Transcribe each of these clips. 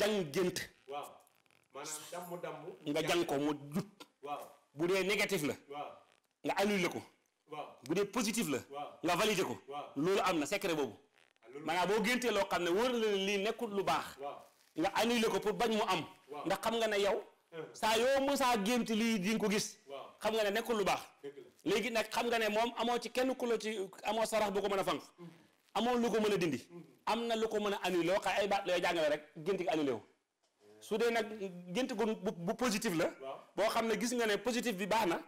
jàng gént. waaw maanaam damm damm. nga jàng ko mu jut. waaw bu dee négatif la. waaw nga annulé ko. waaw bu dee positif la. nga validé ko. loolu am na secret boobu. Ah, maanaam boo géntee loo xam ne wóor la lii nekkul lu baax. nga annulé ko pour bañ mu am. ndax xam nga ne yow. saa yoo mësaa gént lii di nga ko gis. xam nga ne nekkul lu baax. léegi nag xam nga ne moom amoo ci kenn ku la ci amoo sarax bu ko mën a fànq. amoo lu ko mën a dindi am na lu ko mën a annulé wax ay baat lay jàngale rek gént gi annulé wu su dee nag gént gu bu positif la boo xam ne gis nga ne positif bi baax na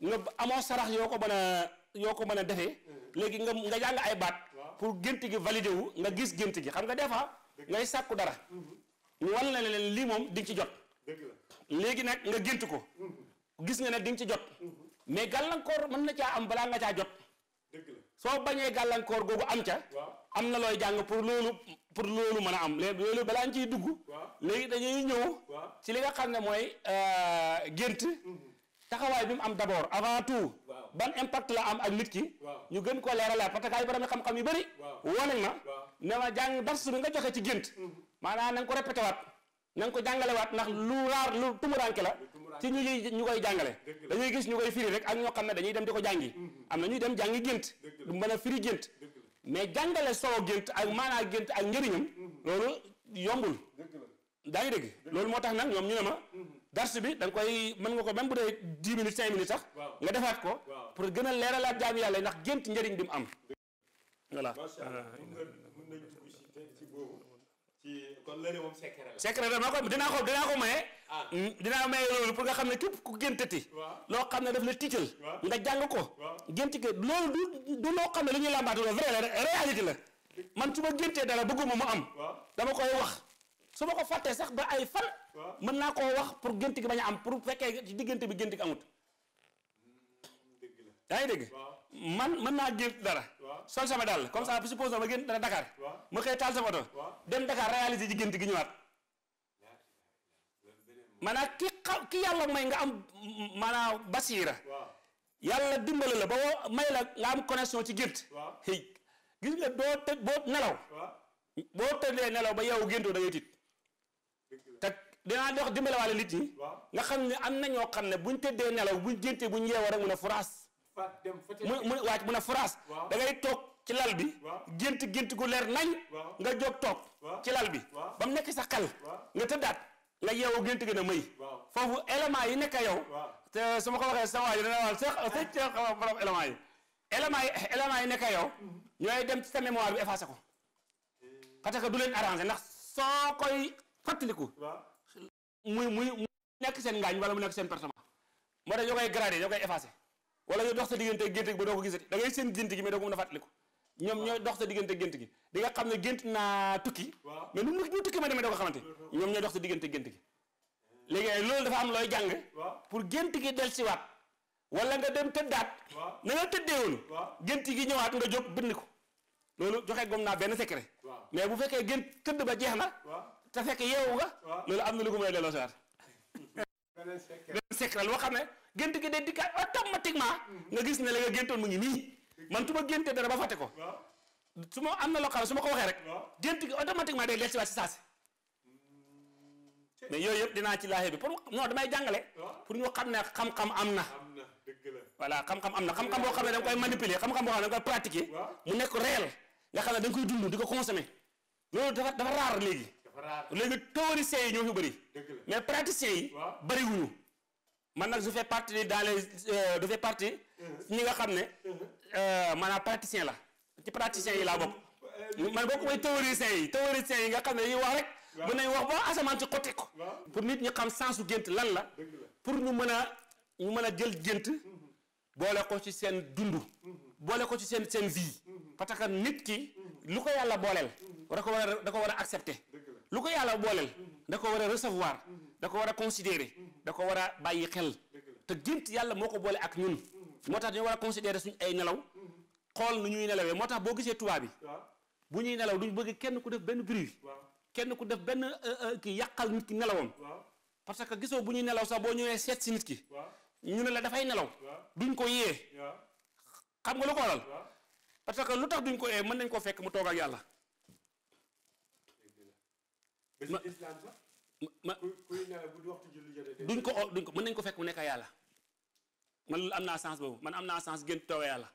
nga amoo sarax ko mën a yoo ko mën a defee mm. léegi nga nga jàng ay baat pour gént gi validé wu nga gis gént gi xam nga des fois ngay sàkku dara mm-hmm. ñu wan la leen lii moom di ci jot léegi nag nga gént ko mm-hmm. gis nga ne di ci jot mm-hmm. mais gàllankoor mën na caa am balaa nga caa jot soo bañee gàllankoor googu am ca. am na looy jàng pour loolu pour loolu mën a am léegi loolu balaa ñu ciy dugg. léegi dañuy ñëw. ci li nga xam ne mooy euh, gént. Mm-hmm. taxawaay bi mu am d'abord avant tout. ban impact la am ak nit ki. ñu gën koo leeralaat parce que ay borom xam-xam yu bëri. wane na. ne ma jàng dars bi nga joxe ci gént. Mm-hmm. maanaam na ko répété waat ko jàngalewaat ndax lu raar lu tumuraanke la. ci ñu ñu koy jàngale dañuy gis ñu koy firi rek ak ñoo xam ne dañuy dem di ko jàngi am na ñuy dem jàngi gént du mën a firi gént mais jàngale solo gént ak maanaa gént ak njëriñam mm-hmm. loolu yombul daa ngi dégg loolu moo tax nag ñoom ñu ne ma mm-hmm. dars bi da nga mën nga ko même bu dee dix minutes cinq minutes sax nga defaat ko pour gën a leeralaat jaamu yàlla ndax gént njëriñ bi mu am voilà secret dama ko dinaa ko dinaa ko maye dinaa may loolu pour nga xam ne képp ku géntati loo xam ne daf la tiital nga jàng ko génti ko loolu du du loo xam ne lu ñuy làmbaatu la vrai la la man su ma géntee dara bëgguma mu am dama koy wax su ma ko fàttee sax ba ay fan mën naa koo wax pour gént ki bañ am pour fekkee ci diggante bi gént gi amut yaa ngi dégg man mën naa gént dara sol sama dàll comme ça suppose ma gént dara Dakar ma xëy taal sama oto dem Dakar réaliser ci gént gi maanaam ki xam ki yàlla may nga am maanaam basiira yàlla dimbali la ba may la nga am connexion ci gént gis nga doo tëj boo nelaw boo tëddee nelaw ba yow géntoo da ngay tiit te dinaa dox dimbale waale nga xam ne am na ñoo xam ne buñ tëddee nelaw buñ géntee buñ yeewoo rek mun a furaas mu mu wàcc mun a furaas dangay toog ci lal bi gént gént gu leer nañ nga jóg toog ci lal bi ba mu nekk sa xel nga tëddaat nga yeewu gént gën a may foofu élément yi nekk yow te su ma ko waxee sama waa ji dana wal sax sëñ te xam borom yi élément yi yow mm-hmm. ñooy dem ci sa mémoire bi ko eh. parce que du leen arrangé ndax soo koy fàttaliku muy muy mu nekk seen ngaañ wala mu nekk seen pertement moo tax ñoo koy gradé ñoo koy effacé wala ñu dox sa diggante gént gi ba doo ko gisati da seen gént gi mais doo ko mën a fàttaliku ñoom ñooy dox sa diggante gént gi di nga xam ne gént naa tukki mais nu mu tukki ma demee doo ko xamante ñoom ñooy dox sa diggante gént gi léegi loolu dafa am looy jàng pour gént gi del siwaat walla nga dem tëddaat na nga tëddee woon gént gi ñëwaat nga jóg bind ko loolu joxe gom naa benn secret mais bu fekkee gént tëdd ba jeex na te fekk yeewu nga loolu am na lu ko mën a delloo siwaat benn secret loo xam ne gént gi day dikkaat automatiquement mm-hmm. nga gis ne la nga géntoon mu nii man su ma géntee dara ba fàtte ko. su ma am na loo xam ne su ma ko waxee rek. gént gi automatiquement day dellusiwaat si saa si. Mm. mais yooyu yëpp dinaa ci laaxee bi pour non damay jàngale. pour ñu xam ne xam-xam am na. am na dëgg la voilà xam-xam am na xam-xam boo xam ne da nga koy manipuler xam-xam boo xam ne da koy pratiquer. mu nekk réel nga xam ne da nga koy dund di ko consommer. loolu dafa dafa raar léegi. dafa raar léegi théoriciens yi ñoo fi bëri. mais praticiens yi. bëri wuñu man nag je fais partie dans les euh, je fais uh-huh. ñi nga xam ne. Uh-huh. Euh, maanaam praticien la ci praticien yi laa bokk euh, man bokk mooy théoricien yi théoricien yi nga xam ne yi wax rek mën nañ wax ba asamaan ci xotti ko pour nit ñi xam sensu gént lan la pour ñu mën a ñu mën a jël gént mm-hmm. boole ko ci seen dund mm-hmm. boole ko ci seen seen vie mm-hmm. parce que nit ki lu ko yàlla booleel da ko war a da ko war a accepter lu ko yàlla booleel da ko war a recevoir da ko war a considérer da ko war a bàyyi xel te gént yàlla moo ko boole ak ñun moo tax dañu war a considérer suñ ay nelaw xool nu ñuy nelawee moo tax boo gisee tubaab bi bu ñuy nelaw duñ bëgg kenn ku def benn bruit kenn ku def benn euh, euh, kii yàqal nit ki nelawam parce que gisoo bu ñuy nelaw sax boo ñëwee seet si nit ki ñu ne la dafay nelaw duñ ko yee xam nga lu ko waral parce que lu tax duñ ko yee mën nañ koo fekk mu toog ak yàlla ma ma duñ ko oo duñ ko mën nañ ko fekk mu nekk yàlla man am naa sens boobu man am naa sens gént tooga yàlla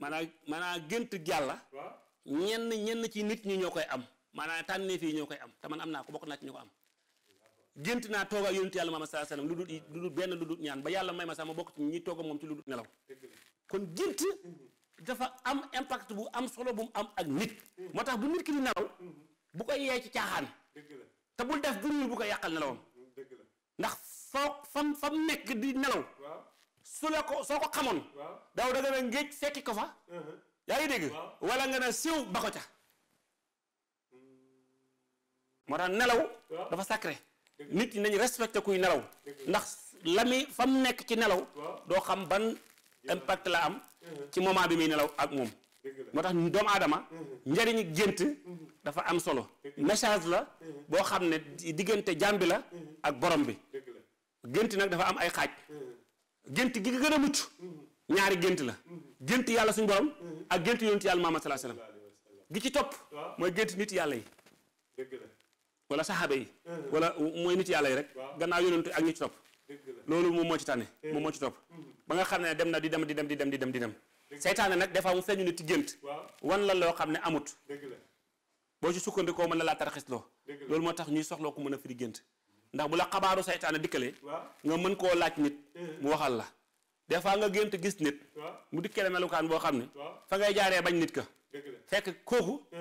maanaa maanaa gént yàlla ñenn ñenn ci nit ñi ñoo koy am maanaa tànneef fii ñoo koy am te man am naa ko bokk naa ci ñu ko am gént naa tooga yonent yàlla ma sallallahu alayhi wasallam lu dul lu benn lu dul ñaan ba yàlla may ma sax ma bokk ci ñi tooga moom ci lu dul nelaw kon gént dafa am impact bu am solo bu mu am ak nit moo tax bu nit ki di nelaw mhm. bu ko yee ci caaxaan te bul def bruit bu koy yàqal nelawam ndax foo fam fam nekk di nelaw. su la ko soo ko xamoon. daaw da nga ne ngéej fekki ko fa. Uh-huh. yaa ngi dégg. wala nga ne siiw ba ca. Hmm. moo nelaw. dafa sacré. nit ñi nañu respecté nelaw. ndax la fa mu nekk ci nelaw. doo xam ban impact la am. Uh-huh. ci moment bi muy nelaw ak moom. moo tax doomu aadama uh-huh. njëriñu gént dafa am solo message la boo xam ne diggante jaam la ak borom bi gént nag dafa am ay xaaj gént gi gën a mucc ñaari gént la gént yàlla suñu borom ak gént yonent yàlla Muhammad sallallahu alayhi wasallam gi ci topp mooy gént nit yàlla yi wala saxaaba yi wala mooy nit yàlla yi rek gannaaw yonent ak ñi ci topp loolu moom moo ci tànne moom moo ci topp ba nga xam ne dem na di dem di dem di dem di dem di dem seytaane nag des fois mu feeñu ne ci gént wan la loo xam ne amut boo ci sukkandikoo mën na laa tarxisloo loolu moo tax ñuy soxloo ko mën a firi gént ndax bu la xabaaru saytaane dikkalee nga mën koo laaj nit eh. mu waxal la des fois nga gént gis nit mu dikkee la melukaan boo xam ne fa ngay jaaree bañ nit ka fekk kooku eh.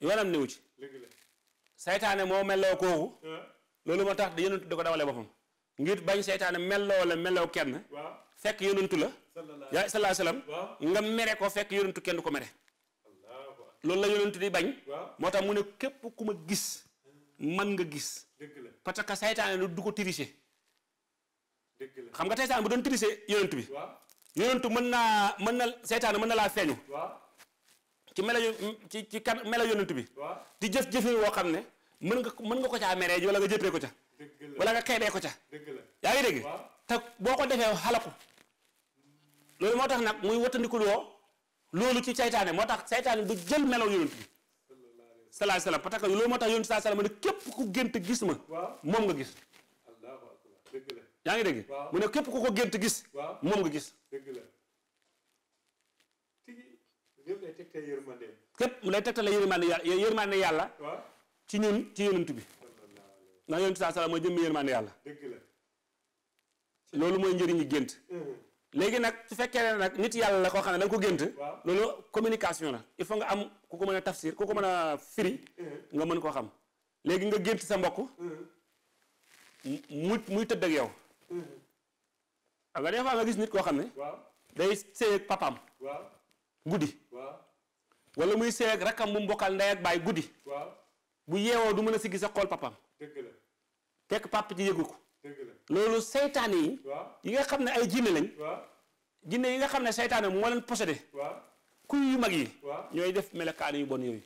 yoonam néew ci seytaane moo melloo kooku eh. loolu moo tax da yonentu da ko dawalee boppam ngir bañ saytaane melloo la melloo kenn fekk yonentu la yaa salaa salaam nga mere ko fekk yonentu kenn du ko mere loolu la yonentu di bañ moo tax mu ne képp ku ma gis man nga gis parce que saytaane du ko tricher. xam nga saytaane bu doon tricher yonent bi. waaw yonent mën naa mën na saytaane mën na laa feeñu. waaw ci melo ci ci kan melo bi. waaw di jëf jëfee woo xam ne mën nga mën nga ko caa meree wala nga jëppee ko ca. wala nga xeebee ko ca. dëgg la yaa ngi dégg. te boo ko defee xalaku loolu moo tax nag muy wattandikuloo loolu ci seytaane moo tax saytaane du jël melo yonent bi. salaay salaam parce que loolu moo tax yoon bi salaay salaam ne képp ku gént gis ma. moom nga gis. yaa ngi dégg. mu ne képp ku ko gént gis. moom nga gis. dëgg la lay tegtal yërmande. képp lay tegtal yërmande yërmande yàlla. ci ñun ci yonent bi. ndax yoon bi salaay salaam mooy jëmm yërmande yàlla. loolu mooy njëriñu gént. léegi nag su fekkee ne nag nit yàlla la koo xam ne da nga ko gént loolu communication la il faut nga am ku ko mën a tafsir ku ko mën a firi nga mën koo xam léegi nga gént sa mbokk mu muy tëdd ak yow xam mm-hmm. nga des nga gis nit koo xam ne day sëy ak guddi wala muy sëy ak rakkam bu mu bokkal ndey ak baay guddi bu yeewoo du mën a si gis sa xool papaam fekk papa ci yëgu ko loolu seytaane yi. yi nga xam ne ay jinne lañ. jinne yi nga xam ne seytaane moo leen possédé. kuy yu mag yi. ñooy def melokaan yu bon yooyu.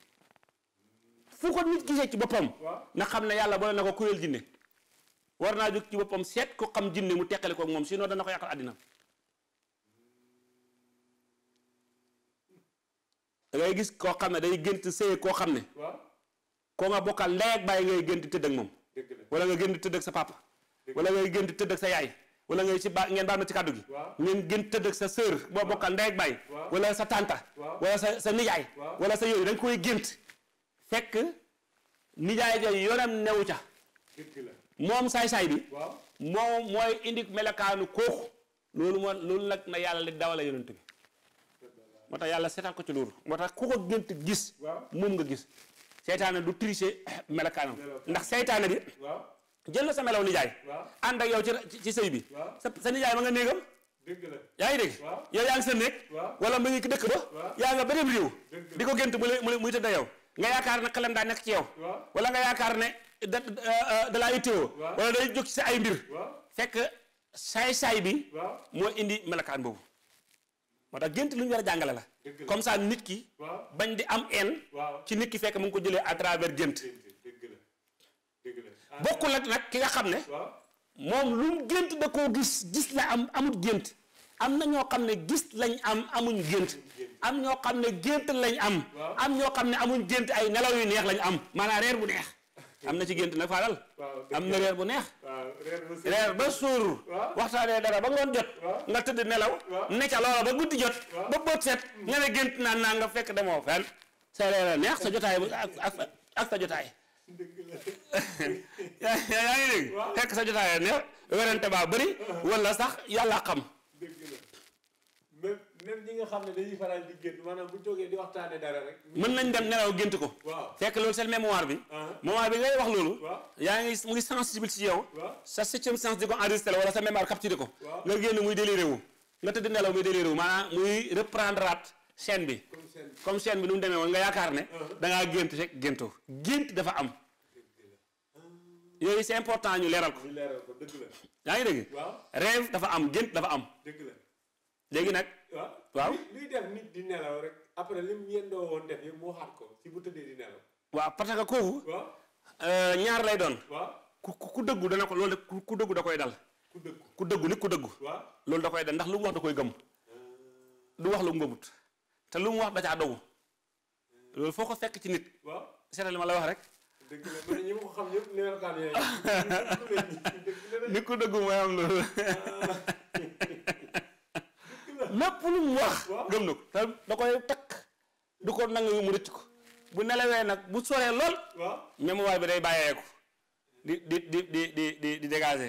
fu ko nit gisee ci boppam. na xam ne yàlla boole na ko kuréel jinne war naa jóg ci boppam seet ku xam jinne mu teqale ko ak moom sinon dana ko yàqal àddina da gis koo xam ne day gént sëye koo xam ne. koo nga bokkal ndey ak bàyyi ngay gént tëdd ak moom. wala nga gént tëdd ak sa papa. wala ngay gën di tëdd sa yaay wala ngay ci ba ngeen baal ma ci kàddu gi ngeen gën tëdd ak sa sœur boo bokkal ndey ak baay wala sa tànta wala sa sa nijaay wala sa yooyu da koy gént fekk nijaay jooyu yoonam newu ca moom saay-saay bi moom mooy indi melokaanu kooku loolu moo loolu nag na yàlla li dawala yonent bi moo tax yàlla seetaan ko ci loolu moo tax ku ko gént gis moom nga gis seytaane du tricher melokaanam ndax seytaane bi jën la sa melaw nijaay. waaw ànd ak yow ci ci sëy bi. sa sa nijaay ma nga néegam. dëgg la yaa ngi dégg. yow yaa ngi sa néeg. wala mu ngi dëkk ba. yaa nga beneen réew. di ko gént mu muy muy tëdd yow. nga yaakaar ne xelam daa nekk ci yow. wala nga yaakaar ne da da laa yittewoo. wala day jóg ci sa ay mbir. fekk saay-saay bi. moo indi melakaan boobu. moo tax gént lu ñu war jàngale la. comme ça nit ki. bañ di am en. ci nit ki fekk mu ngi ko jële à travers gént. bokkul ak nag ki nga xam ne. moom lu mu gént da koo gis gis la am amut gént. am na ñoo xam ne gis lañ am amuñ gént am ñoo xam ne gént lañ am am ñoo xam ne amuñ gént ay nelaw yu neex lañ am maanaam reer bu neex am na ci gént nag faaral am na reer bu neex reer ba suur waxtaanee dara ba ngoon jot nga tëdd nelaw ne ca loola ba guddi jot ba bët set nga ne gént naan naa nga fekk demoo fenn sa reer a neex sa jotaay ak ak sa jotaay yaa yaa ngi dégg fekk sa jotaay neex werante baa bëri wala sax yàlla xam même nga xam ne dañuy faral di gént maanaam bu toogee di waxtaane mën nañ dem nelaw gént ko. fekk loolu seen mémoire bi. Ah. mémoire bi ngay wax loolu. yaa ngi muy sensible ci yow. sa septième sens di ko enregistré wala sa mémoire capturé ko. nga génn muy déliré wu. nga tëdd nelaw muy déliré wu maanaam muy reprendre at chaîne bi. comme chaîne bi comme chaîne bi nu mu demee woon nga yaakaar ne. Ah. da gént rek géntoo gént dafa am. yooyu c'est important ñu leeral ko. ñu leeral ko dëgg la. yaa ngi dégg. waaw rêve dafa am gént dafa am. dëgg la léegi nag. waaw luy di nelaw rek après lim yendoo woon ko si bu tëddee di nelaw. waaw parce que kooku. Euh, ñaar lay doon. waaw ku ku dëggu dana ko loolu de ku dëggu da koy dal. ku dëggu ku dëggu nit ku dëggu. waaw loolu da koy dal ndax lu mu wax da koy gëm. Euh. du wax lu mu gëmut te lu mu wax da dogu. loolu foo ko fekk ci nit. waaw seetal li ma la wax rek. dëgg la man ñi ko dëggu mooy am loolu. lépp lu mu wax. gëm ko da koy takk. du ko nangu mu rëcc ko. bu nelawee nag bu soree lool. waaw bi day bàyyeeku. di di di di di di di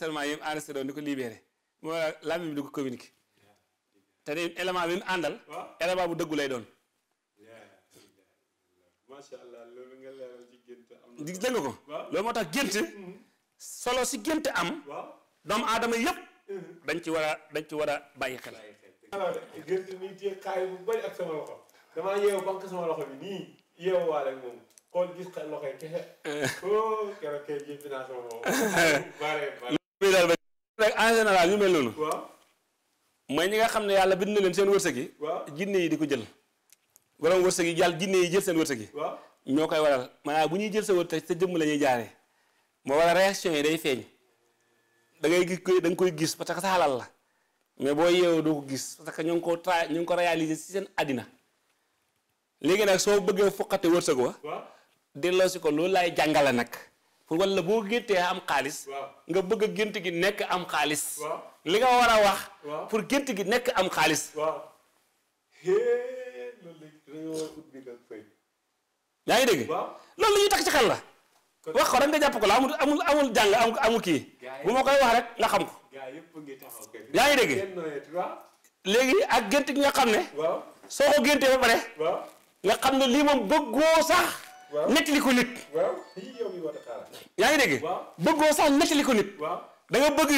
yi mu di ko libéré. moo làmmiñ bi di ko communiqué. te ni élément bi mu àndal. élément bu dëggu lay doon. gis nga ko. loolu moo tax gént. Mm-hmm. solo si gént am. doomu aadama yëpp. Mm-hmm. dañ ci war a dañ ci war a bàyyi xel. alors gént nii téye bu bëri ak sama loxo damaa yeewu banque yi oh, ñu mel noonu. mooy ñi nga xam ne yàlla bind na leen seen wërsëg yi. jinne yi di ko jël. borom wërsëg yi yàlla jinne yi jël seen wërsëg yi. ñoo koy waral maanaam bu ñuy jël sa wër te sa jëmm lañuy ñuy jaaree moo waral réaction yi day feeñ dangay ngay gis da nga koy gis parce que sa alal la mais boo yeewoo doo ko gis parce que ñu ngi ko tra ñu ngi ko réaliser ci seen àddina léegi nag soo bëggee foqate wërsëg wa delloo si ko loolu laay jàngale nag pour wala boo géntee am xaalis nga bëgg gént gi nekk am xaalis li nga war a wax pour gént gi nekk am xaalis yaa ngi dégg loolu lu ñuy takk ci xel la wax ko rek nga jàpp ko la amul amul amul jàng amul amul kii bu ma koy wax rek nga xam ko yaa ngi dégg léegi ak gént gi nga xam ne soo ko géntee ba pare nga xam ne lii moom bëggoo sax nettali ko nit yaa ngi dégg bëggoo sax nettali ko nit da nga bëgg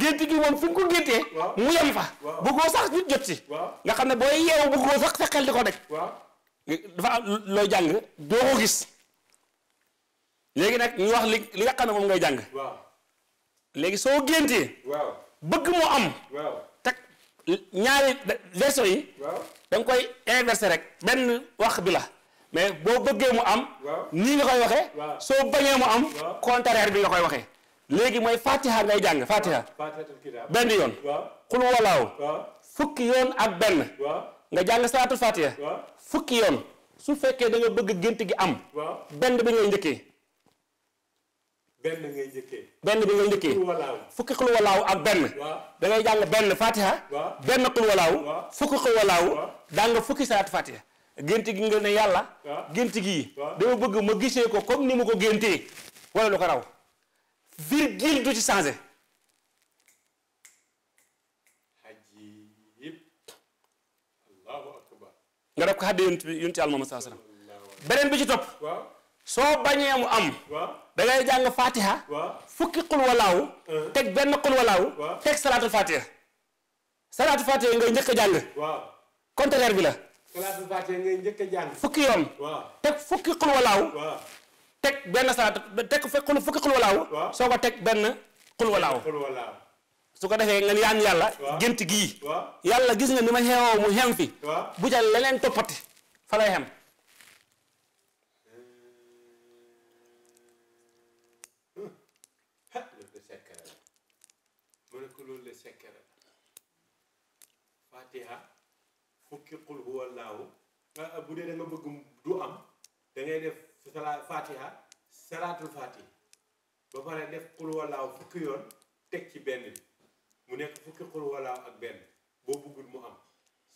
gént gi moom fu nga ko géntee mu yem fa bëggoo sax nit jot si nga xam ne booy yeewu bëggoo sax sa xel di ko daj dafa am looy jàng doo ko gis léegi nag ñu wax li li nga xam ne moom ngay jàng. waaw léegi soo géntee. waaw bëgg moo am. waaw ñaari version yi. waaw koy inversé rek benn wax bi la. mais boo bëggee mu am. nii nga koy waxee. soo bañee mu am. contraire bi nga koy waxee. léegi mooy fatiha ngay jàng fatiha. benn yoon. waaw fukki yoon ak benn. nga jàng salaatul faatiha fukki yoon su fekkee da nga bëgg gént gi am benn bi ngay njëkkee benn bi ngay njëkkee fukki xul walaaw ak benn da jàng benn faatiha benn xul walaaw fukki xul walaaw daa nga fukki salaatul faatiha gént gi nga ne yàlla gént gi dama bëgg ma gisee ko comme ni ma ko géntee wala lu ko raw virgule du ci changé haddi yonent bi yonent yàlla Muhammad bi ci topp soo bañee mu am da ngay jàng fatiha fukki uh-huh. benn xul walaaw teg salaatul fatiha salaatul fatiha ngay njëkk a jàng contraire bi la salaatul fatiha ngay njëkk a jàng fukki yoon teg fukki xul walaaw teg benn salaat teg fukki xul walaaw soo ko teg benn xul walaaw su ko defee nga yaan yàlla gént gii yàlla gis nga ni ma xeewoo mu xem fi bu ca leneen toppati fa lay xem fatiha fukki qul huwa allahu bu dee da nga du am da ngay def sala fatiha salaatul fatiha ba pare def qul huwa fukki yoon teg ci benn bi mu nekk fukki xul wala ak benn boo bëggul mu am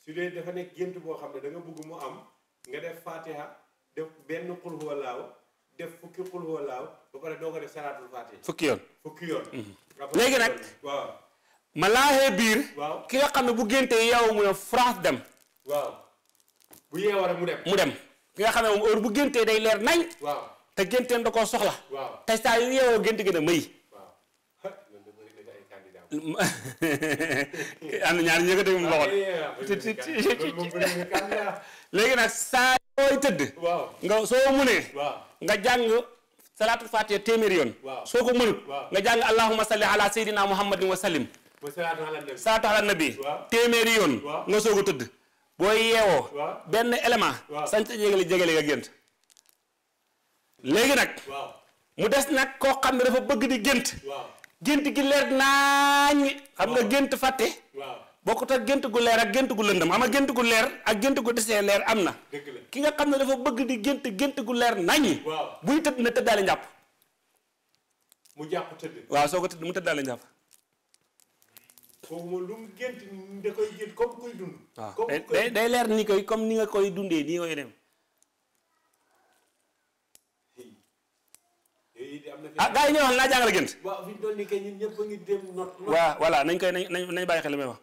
su dee dafa nekk gént boo xam ne da nga bëgg mu am nga def fatiha def benn xul walaaw def fukki xul walaaw ba pare doo ko def salaatul fatiha. fukki yoon fukki yoon. Mhm. léegi nag waaw. ma laaxee biir. waaw ki nga xam ne bu génte yeewu mu ne France dem. waaw bu yeewoo mu dem. mu dem ki nga xam ne moom heure bu géntee day leer nañ. waaw te génteen da koo soxla. waaw te saa yu yeewoo gént gën ne may. am na léegi nag saa yooy tëdd nga soo munee jàng salaatul fatiha téeméeri yoon soo ko mënut nga jàng allahumma salli ala sayyidina muhammadin wa sallim salaatu ala nabi soog a tëdd booy yeewoo benn élément sañ sa jégali jégali nga gént léegi nag mu des nag koo xam ne dafa bëgg di gént gént gi leer naañ xam nga gént fàtte bokkut ak gént gu leer ak gént gu lëndëm ama gént gu leer ak gént gu desee leer am na ki nga xam ne dafa bëgg di gént gént gu leer nañ buy tëdd na tëddaale njàpp mu jàpp tëdd waaw soo ko tëdd mu tëddaale njàpp foofu lu mu gént da koy gént waaw day leer ni koy comme ni nga koy dundee nii koy dem ah gars yi ñëwoon naa jàngale gént. waaw fi ñu toll nii kay ñun ñëpp a ngi dem not. waaw voilà nañ koy nañ nañ bàyyi xel li may wax.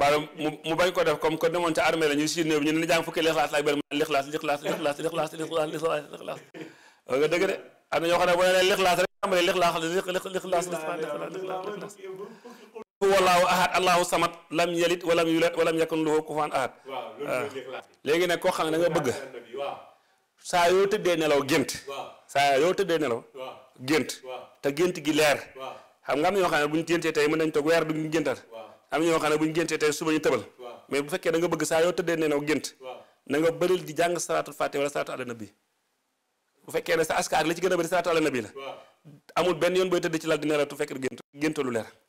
bala mu mu bañ ko def comme que demoon ca armée la ñu si néew ñu ne jàng fukki lixlaas la ak benn lixlaas lixlaas lixlaas lixlaas lixlaas lixlaas lixlaas nga dëgg de am na ñoo xam ne boo nee lixlaas rek am na lixlaas lixlaas lixlaas wallahu ahad allahu samad lam yalid walam yulad walam yakun lahu kufuwan ahad ah. léegi nag koo xam ne da nga bëgg saa yoo tëddee nelaw gént saa yoo tëddee nelaw gént te gént gi leer xam nga am na ñoo xam ne bu ñu géntee tey mën nañ toog weer duñu géntal am na ñoo xam ne bu ñu géntee tey suba ñu tëbal mais bu fekkee da nga bëgg saa yoo tëddee nelaw gént na nga bëril di jàng salaatul fatiha wala salaatul ala nabi bu fekkee ne sa askaar li ci gën a bëri salaatul ala nabi la amul benn yoon booy tëdd ci lal di nelaw tu fekk gént géntalu leer